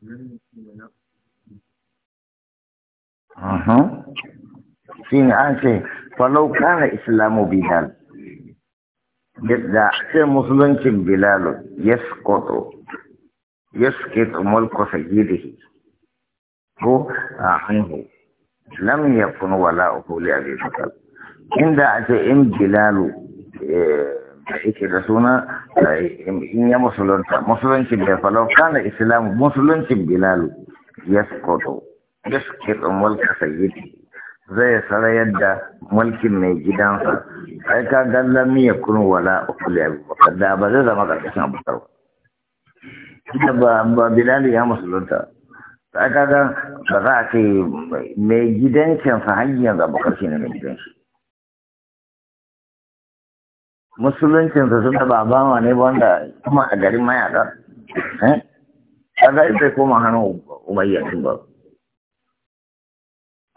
shi ne an ce falau kana islamu bilal yadda ce musuluncin bilalu ya skoto ya skito mulku sajidihi ko a hannu lam ya kunu wala ukuli a inda a ce in bilalu eh, da yake da suna in ya musulunta musuluncin bai falau kana islamu musuluncin Bilal ya skoto ya skitsin mulka sayyidi zai sarayar yadda mulkin mai gidansa sai ka gallan miya kun wala ukuli abubakar da ba zai zama karkashin abubakar ba ba Bilal ya musulunta sai ka ga ba za a ce mai gidancinsa hanyar abubakar shi ne mai gidanshi musuluncinsa sun taba bama ne wanda kuma a garin mayaƙa eh? kaga ita koma hannun umayya din ba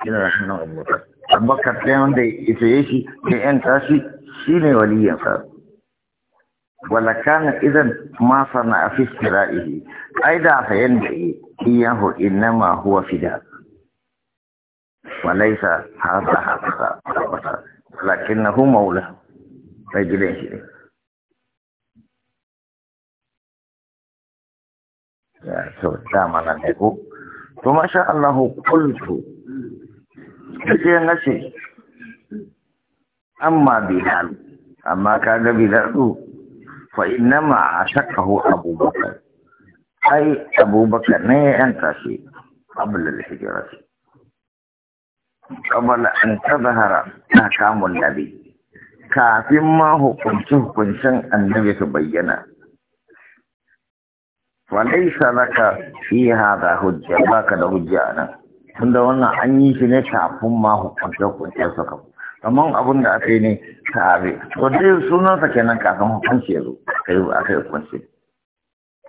Ina da hannun abubakar abubakar ɗaya wanda ita ya shi ya yan tashi shi ne sa wala kana idan ma sana a fiskira ihi ai da sayan da iyahu innama huwa fida walaysa haza haza lakinnahu na hu sai gidan shi ne ya so dama nan ne ko to masha Allah kultu sai na ce amma bilal amma kaga bilal du fa ma innama ashaqahu abubakar ai abubakar ne yan tashi qabla al-hijrah qabla an tadhhara kamun nabi kafin ma hukunci hukuncin annabi su bayyana. Falaisa laka fi hada hujja ba ka da hujja nan. Tunda wannan an yi shi ne kafin ma hukuncin-hukuncin su kafin. Kamar abin da aka yi ne tare. To dai sunansa kenan kafin hukunci ya zo aka yi aka yi hukunci.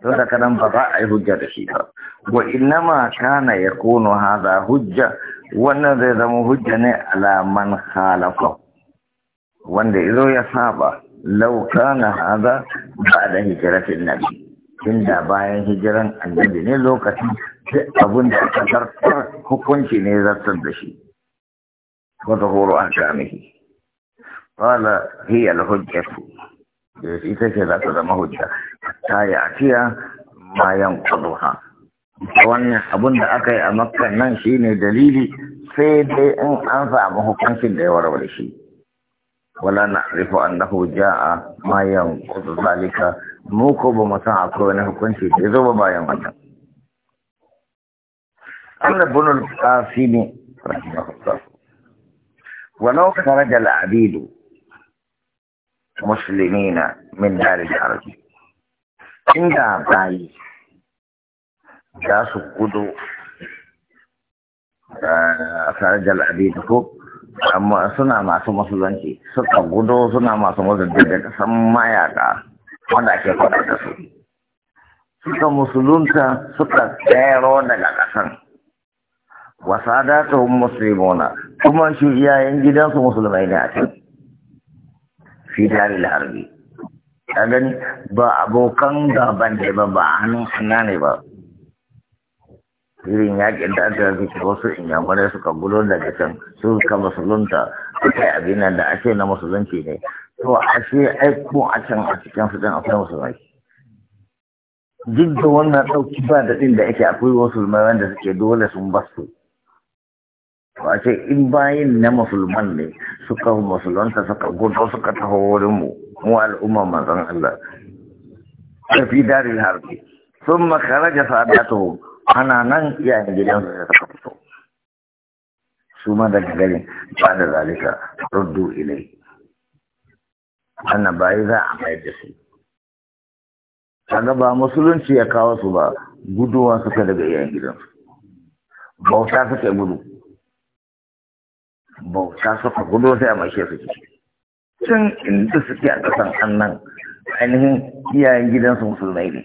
To da kanan ba za a yi hujja da shi ba. Wa ma kana ya kono hada hujja wannan zai zama hujja ne ala man wanda izo ya saba lauka na haza, ba da hijiratin nabi da bayan hijiran annabi ne lokacin sai abin da aka zartar hukunci ne zartar da shi wata horo an kamihi qala hiya al ita ce za ta zama hujja ta yi fiya bayan kuduha wannan abin da aka yi a makka nan ne dalili sai dai in an samu hukuncin da ya warware shi ولا نعرف أنه جاء ما ينقض ذلك موكو بمساعة كونه كنت يزوب ما ينقض قال بن القاسم رحمه الله ولو خرج العبيد مسلمين من دار إن عند عبدالي جاسوا قدوا آه، خرج العبيد فوق amma suna masu musulunci suka gudo suna masu musulunci daga san mayaka wanda ake faɗa da su suka musulunta suka tsero daga ƙasan wasadatuhum muslimuna kuma shi iyayen gidansu musulmai ne a can fidari daril harbi gani ba abokan gaban da ba ba hannun sunna ne ba irin yakin da aka yi wasu inyamurai suka gudu daga can su ka musulunta akai abin nan da ake na musulunci ne to ashe ai ko a can a cikin su din akwai musulmai duk da wannan ɗauki ba daɗin da ake akwai musulmai wanda suke dole sun basu to a ce in bayin na musulman ne suka musulunta suka gudu suka taho wurinmu mu al'umma manzon Allah fi dare harbi sun makaraja sadatuhum ana nan iyayen gidansu da saka fito su ma daga garin ba da zalika ruddu ilai wannan yi za a mayar da su kaga ba musulunci ya kawo su ba guduwa suka daga iyayen gidansu bauta suka gudu bauta suka gudu sai a maishe su ciki can inda suke a ƙasan annan ainihin iyayen gidansu musulmai ne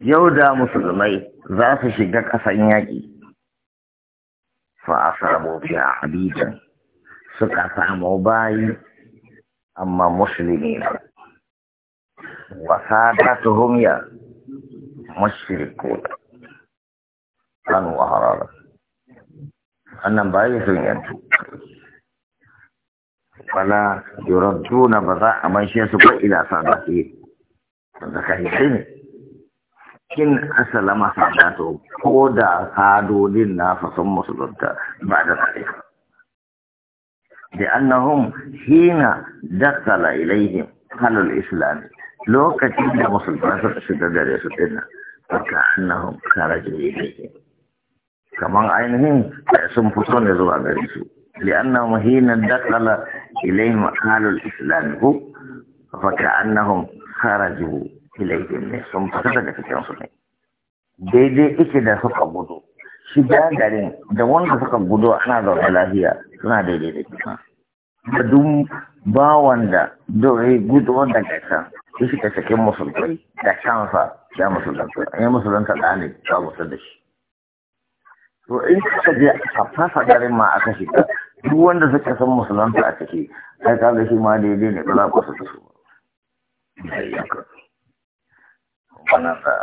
yau da musulmai za su shiga ƙasan yaƙi fa a samu a abijan suka samu bayi amma musulmi ne wasa ta tuhumiya mashirikun an waharar annan bayi sun yantu fala yuraddu na ba za a manshe su ko ila sa sadatihim da kai ne in asalama sadatu ko da sadodin لنا sun musulunta بعد ذلك لأنهم حين دخل إليهم أهل الإسلام لو كتب مسلمان سدد رسولنا فكأنهم خرجوا إليهم كما عينهم سنفسون يزوى برسول لأنهم حين دخل إليهم أهل الإسلام فكأنهم خرجوا ilaihim ne sun fita daga cikin su ne daidai ike da suka gudu shiga garin da wanda suka gudu ana zaune lafiya suna daidai da kuma. da duk ba wanda dore gudu wanda ga can shi shiga cikin musulmai da kansa ya musulmai. ya musulunta da ne ba musul da shi to in ka je a fasa garin ma aka shiga duk wanda suka san musulunta a ciki ai kaga shi ma daidai ne ba za ku su da su ba kumana na